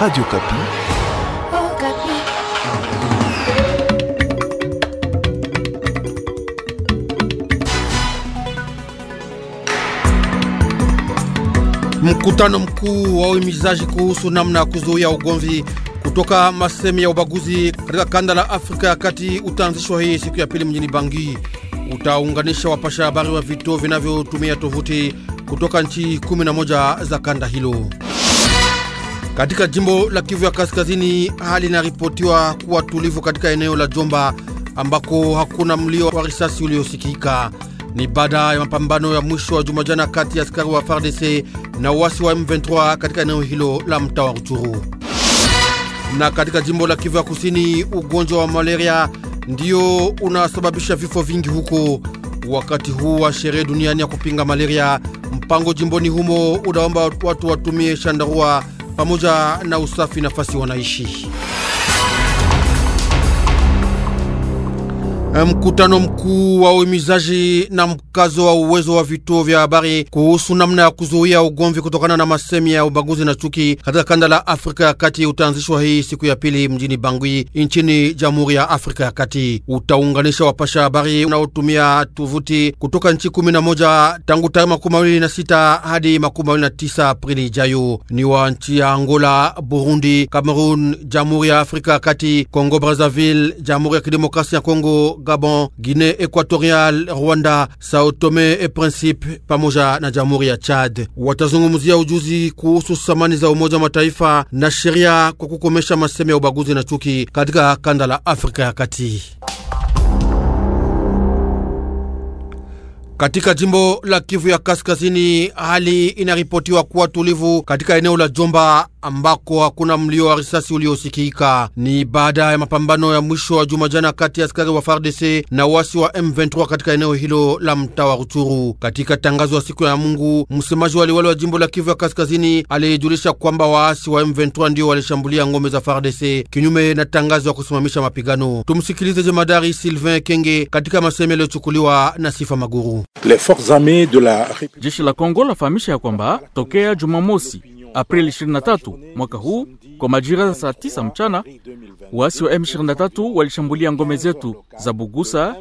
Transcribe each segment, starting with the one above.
Radio Kapi. Oh, Kapi. Mkutano mkuu wa uhimizaji kuhusu namna ya kuzuia ugomvi kutoka masemi ya ubaguzi katika kanda la Afrika ya Kati utaanzishwa hii siku ya pili mjini Bangi. Utaunganisha wapasha habari wa vituo vinavyotumia tovuti kutoka nchi 11 za kanda hilo. Katika jimbo la Kivu ya Kaskazini, hali inaripotiwa kuwa tulivu katika eneo la Jomba ambako hakuna mlio wa risasi uliosikika. Ni baada ya mapambano ya mwisho wa juma jana kati ya askari wa FARDC na uasi wa M23 katika eneo hilo la mtaa wa Ruchuru. Na katika jimbo la Kivu ya Kusini, ugonjwa wa malaria ndiyo unasababisha vifo vingi huko. Wakati huu wa sherehe duniani ya kupinga malaria, mpango jimboni humo unaomba watu watumie shandarua pamoja na usafi nafasi wanaishi. Eh, mkutano mkuu wa uhimizaji na mkazo wa uwezo wa vituo vya habari kuhusu namna ya kuzuia ugomvi kutokana na masemi ya ubaguzi na chuki katika kanda la Afrika ya Kati utaanzishwa hii siku ya pili mjini Bangui nchini Jamhuri ya Afrika ya Kati. Utaunganisha wapasha habari unaotumia tovuti kutoka nchi 11 tangu tarehe 26 hadi 29 Aprili ijayo. Ni wa nchi ya Angola, Burundi, Cameroon, Jamhuri ya Afrika ya Kati, Kongo Brazzaville, Jamhuri ya Kidemokrasia ya Kongo Gabon, Guinée Équatoriale, Rwanda, Sao Tome et Principe pamoja na Jamhuri ya Chad. Watazungumzia ujuzi kuhusu samani za Umoja wa Mataifa na sheria kwa kukomesha maseme ya ubaguzi na chuki katika kanda la Afrika ya Kati. Katika jimbo la Kivu ya Kaskazini, hali inaripotiwa kuwa tulivu katika eneo la Jomba ambako hakuna mlio wa risasi uliosikika. Ni baada ya mapambano ya mwisho wa juma jana kati ya askari wa FARDC na wasi wa M23 katika eneo hilo la mtaa wa Ruchuru. Katika tangazo ya siku ya Mungu, msemaji wa liwali wa jimbo la Kivu ya Kaskazini alijulisha kwamba waasi wa M23 ndio walishambulia ngome za FARDC kinyume na tangazo ya kusimamisha mapigano. Tumsikilize jemadari Sylvain Kenge katika maseme yaliyochukuliwa na Sifa Maguru. Jeshi la Kongo lafahamisha ya kwamba tokea Jumamosi Aprili 23 mwaka huu kwa majira ya saa 9 mchana, waasi wa M23 walishambulia ngome zetu za Bugusa,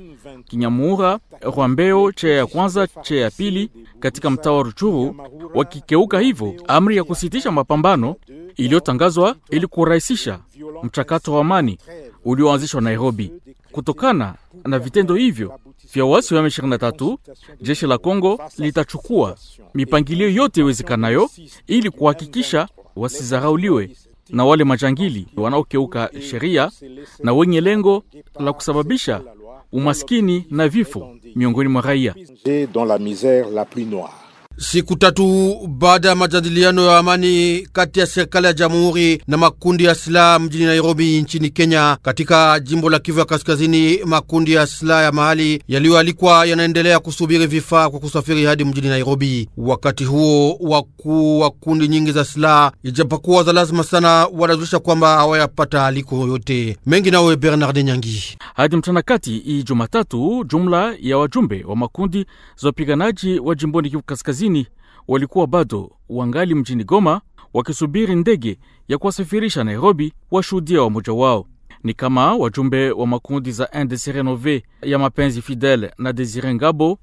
Kinyamura, Rwambeo, chea ya kwanza, chea ya pili katika mtaa wa Ruchuru, wakikeuka hivyo amri ya kusitisha mapambano iliyotangazwa ili kurahisisha mchakato wa amani ulioanzishwa Nairobi. Kutokana na vitendo hivyo vya wasi wa M23, jeshi la Kongo litachukua mipangilio yote iwezekanayo ili kuhakikisha wasizarauliwe na wale majangili wanaokeuka sheria na wenye lengo la kusababisha umaskini na vifo miongoni mwa raia. Siku tatu baada ya majadiliano ya amani kati ya serikali ya jamhuri na makundi ya silaha mjini Nairobi nchini Kenya, katika jimbo la Kivu ya Kaskazini, makundi ya silaha ya mahali yaliyoalikwa yanaendelea kusubiri vifaa kwa kusafiri hadi mjini Nairobi. Wakati huo, wakuu wa kundi nyingi za silaha, ijapokuwa za lazima sana, wanajulisha kwamba hawayapata aliko yote mengi. Nawe Bernard Nyangi, hadi mchana kati hii Jumatatu, jumla ya wajumbe wa makundi za wapiganaji wa jimboni Kivu Kaskazini hamsini walikuwa bado wangali mjini Goma wakisubiri ndege ya kuwasafirisha Nairobi. Washuhudia wa moja wao ni kama wajumbe wa makundi za NDC Renove ya mapenzi Fidele na Desire Ngabo,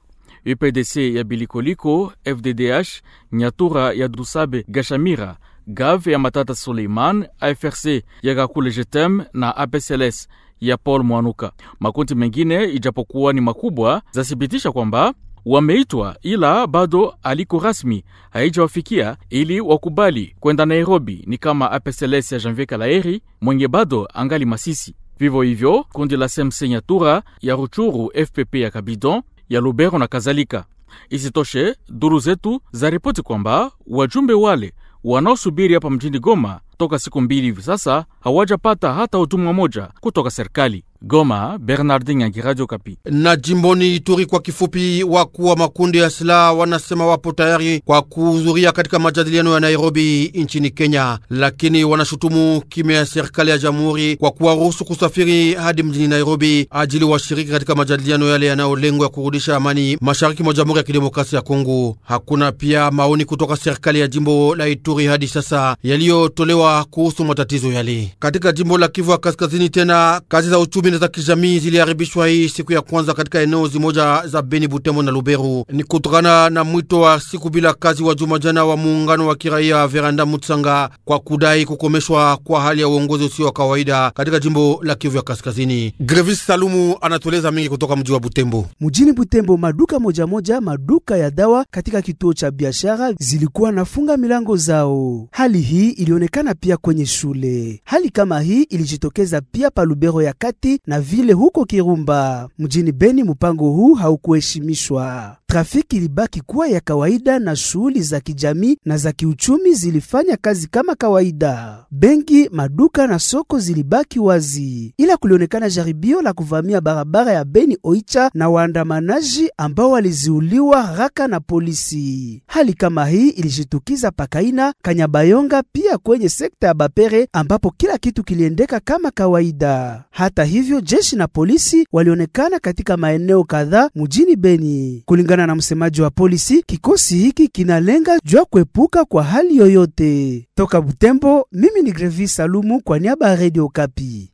UPDC ya Bilikoliko, FDDH Nyatura ya Dusabe Gashamira, GAV ya Matata Suleiman, AFRC ya Kakule Jetem na APCLS ya Paul Mwanuka. Makundi mengine ijapokuwa ni makubwa, zathibitisha kwamba wameitwa, ila bado aliko rasmi haijawafikia ili wakubali kwenda Nairobi, ni kama apeseles ya Janvier Kalaeri mwenye bado angali Masisi. Vivyo hivyo kundi la SMC Nyatura ya Ruchuru, FPP ya Kabidon ya Lubero na kadhalika. Isitoshe, duru zetu za ripoti kwamba wajumbe wale wanaosubiri hapa mjini Goma toka siku mbili hivi sasa hawajapata hata utumwa moja kutoka serikali. Goma, Bernardin Nyangi, Radio Kapi. Na jimboni Ituri kwa kifupi, wakuu wa makundi ya silaha wanasema wapo tayari kwa kuhudhuria katika majadiliano ya Nairobi nchini Kenya, lakini wanashutumu kimya ya serikali ya jamhuri kwa kuwaruhusu kusafiri hadi mjini Nairobi ajili washiriki katika majadiliano yale yanayolengwa ya kurudisha amani mashariki mwa Jamhuri ya Kidemokrasia ya Kongo. Hakuna pia maoni kutoka serikali ya jimbo la Ituri hadi sasa yaliyotolewa kuelewa kuhusu matatizo yale katika jimbo la Kivu ya Kaskazini. Tena kazi za uchumi na za kijamii ziliharibishwa hii siku ya kwanza katika eneo zimoja za Beni, Butembo na Luberu, ni kutokana na mwito wa siku bila kazi wa jumajana wa muungano wa kiraia Veranda Mutsanga kwa kudai kukomeshwa kwa hali ya uongozi usio wa kawaida katika jimbo la Kivu ya Kaskazini. Grevis Salumu anatueleza mengi kutoka mji wa Butembo. Mjini Butembo, maduka moja moja, maduka ya dawa katika kituo cha biashara zilikuwa nafunga milango zao. Hali hii ilionekana pia kwenye shule. Hali kama hii ilijitokeza pia pa Lubero ya kati na vile huko Kirumba. Mjini Beni, mpango huu haukuheshimishwa trafiki ilibaki kuwa ya kawaida na shughuli za kijamii na za kiuchumi zilifanya kazi kama kawaida. Benki, maduka na soko zilibaki wazi, ila kulionekana jaribio la kuvamia barabara ya Beni Oicha na waandamanaji ambao waliziuliwa haraka na polisi. Hali kama hii ilijitukiza Pakaina, Kanyabayonga, pia kwenye sekta ya Bapere ambapo kila kitu kiliendeka kama kawaida. Hata hivyo, jeshi na polisi walionekana katika maeneo kadhaa mjini Beni kulingana na msemaji wa polisi, kikosi hiki kinalenga jua kuepuka kwa hali yoyote. Toka Butembo, mimi ni Grevi Salumu kwa niaba ya Radio Kapi.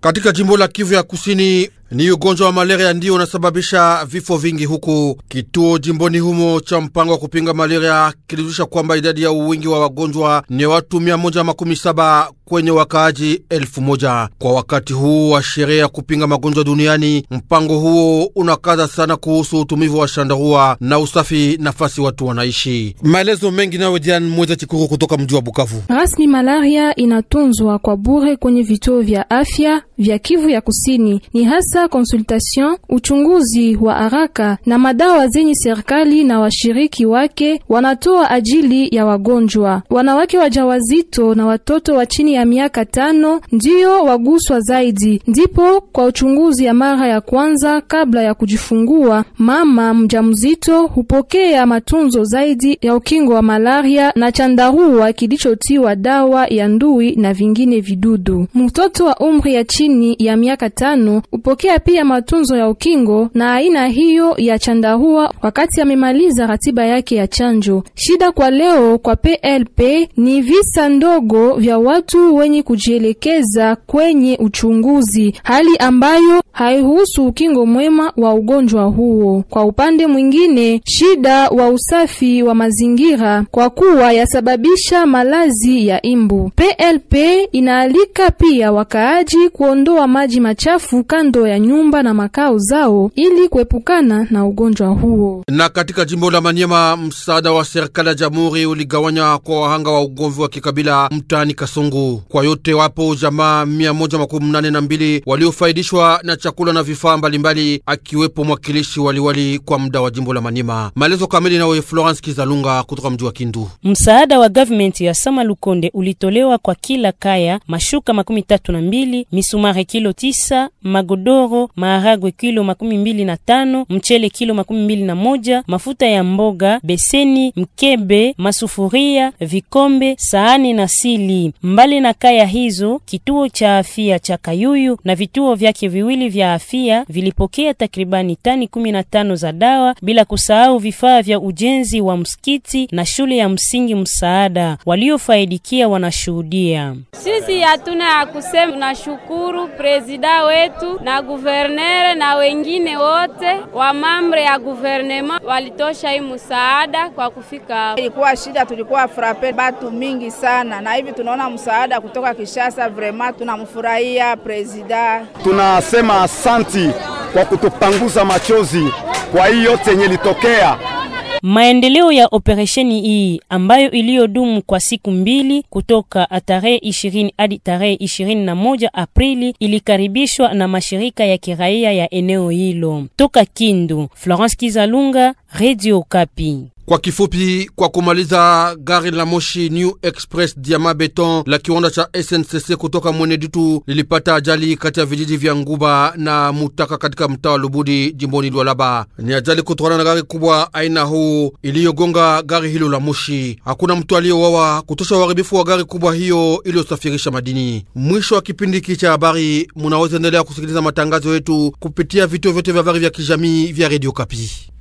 Katika jimbo la Kivu ya Kusini, ni ugonjwa wa malaria ndiyo unasababisha vifo vingi huku. Kituo jimboni humo cha mpango wa kupinga malaria kilijulisha kwamba idadi ya uwingi wa wagonjwa ni watu 117 kwenye wakaaji 1 Kwa wakati huu wa sherehe ya kupinga magonjwa duniani, mpango huo unakaza sana kuhusu utumivu wa shandarua na usafi nafasi watu wanaishi. Maelezo mengi nawe Jan Mweza Chikuru kutoka mji wa Bukavu. Rasmi malaria inatunzwa kwa bure kwenye vituo vya afya vya Kivu ya Kusini, ni hasa kuandaa konsultasyon, uchunguzi wa haraka na madawa zenye serikali na washiriki wake wanatoa ajili ya wagonjwa. Wanawake wajawazito na watoto wa chini ya miaka tano ndiyo waguswa zaidi, ndipo kwa uchunguzi ya mara ya kwanza kabla ya kujifungua, mama mjamzito hupokea matunzo zaidi ya ukingo wa malaria na chandarua kilichotiwa dawa ya ndui na vingine vidudu. Mtoto wa umri ya chini ya miaka tano hupokea Alifuatilia pia matunzo ya ukingo na aina hiyo ya chandahua wakati amemaliza ratiba yake ya chanjo. Shida kwa leo kwa PLP ni visa ndogo vya watu wenye kujielekeza kwenye uchunguzi, hali ambayo haihusu ukingo mwema wa ugonjwa huo. Kwa upande mwingine, shida wa usafi wa mazingira kwa kuwa yasababisha malazi ya imbu. PLP inaalika pia wakaaji kuondoa maji machafu kando ya nyumba na makao zao ili kuepukana na ugonjwa huo. Na katika jimbo la Manyema, msaada wa serikali ya jamhuri uligawanya kwa wahanga wa ugomvi wa kikabila mtaani Kasungu. Kwa yote wapo jamaa 182 waliofaidishwa na chakula na vifaa mbalimbali, akiwepo mwakilishi waliwali kwa muda wa jimbo la Manyema. Maelezo kamili nawe Florence Kizalunga kutoka mji wa Kindu. Msaada wa gavumenti ya Sama Lukonde ulitolewa kwa kila kaya mashuka makumi tatu na mbili, misumari kilo tisa, magodoro morogoro, maharagwe kilo makumi mbili na tano, mchele kilo makumi mbili na moja, mafuta ya mboga, beseni, mkebe, masufuria, vikombe, sahani na sili. Mbali na kaya hizo, kituo cha afya cha Kayuyu na vituo vyake viwili vya afya vilipokea takribani tani tano za dawa, bila kusahau vifaa vya ujenzi wa msikiti na shule ya msingi msaada. Waliofaidikia wanashuhudia: sisi hatuna ya kusema, tunashukuru prezida wetu na guverner na wengine wote wa mamre ya guvernema walitosha hii msaada kwa kufika. Ilikuwa shida, tulikuwa frape batu mingi sana, na hivi tunaona msaada kutoka Kishasa. Vrema tunamfurahia prezida, tunasema asanti kwa kutupanguza machozi kwa hii yote yenye litokea. Maendeleo ya operesheni hii ambayo iliyodumu kwa siku mbili kutoka tarehe 20 hadi tarehe moja Aprili ilikaribishwa na mashirika ya kiraia ya eneo hilo. Toka Kindu, Florence Kizalunga, Radio Kapi. Kwa kifupi, kwa kumaliza, gari la moshi New Express Diama Beton la kiwanda cha SNCC kutoka Mweneditu lilipata ajali kati ya vijiji vya Nguba na Mutaka katika mtaa wa Lubudi jimboni Lualaba. Ni ajali kutokana na gari kubwa aina huu iliyogonga gari hilo la moshi. Hakuna mtu aliyeuawa kutosha uharibifu wa gari kubwa hiyo iliyosafirisha madini. Mwisho wa kipindi hiki cha habari, munaweza endelea kusikiliza matangazo yetu kupitia vituo vyote vya habari vya kijamii vya Radio Kapi.